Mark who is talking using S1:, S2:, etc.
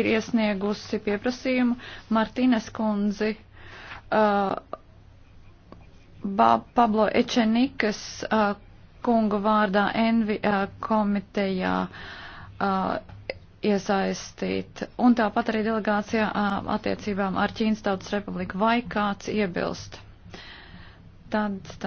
S1: ir iesniegusi pieprasījumu Martīnes kundzi uh, ba Pablo Ečenikas uh, kungu vārdā Envi uh, komitejā uh, iesaistīt. Un tāpat arī delegācijā uh, attiecībām ar Ķīnas Tautas Republiku. Vai kāds iebilst? Tad, tad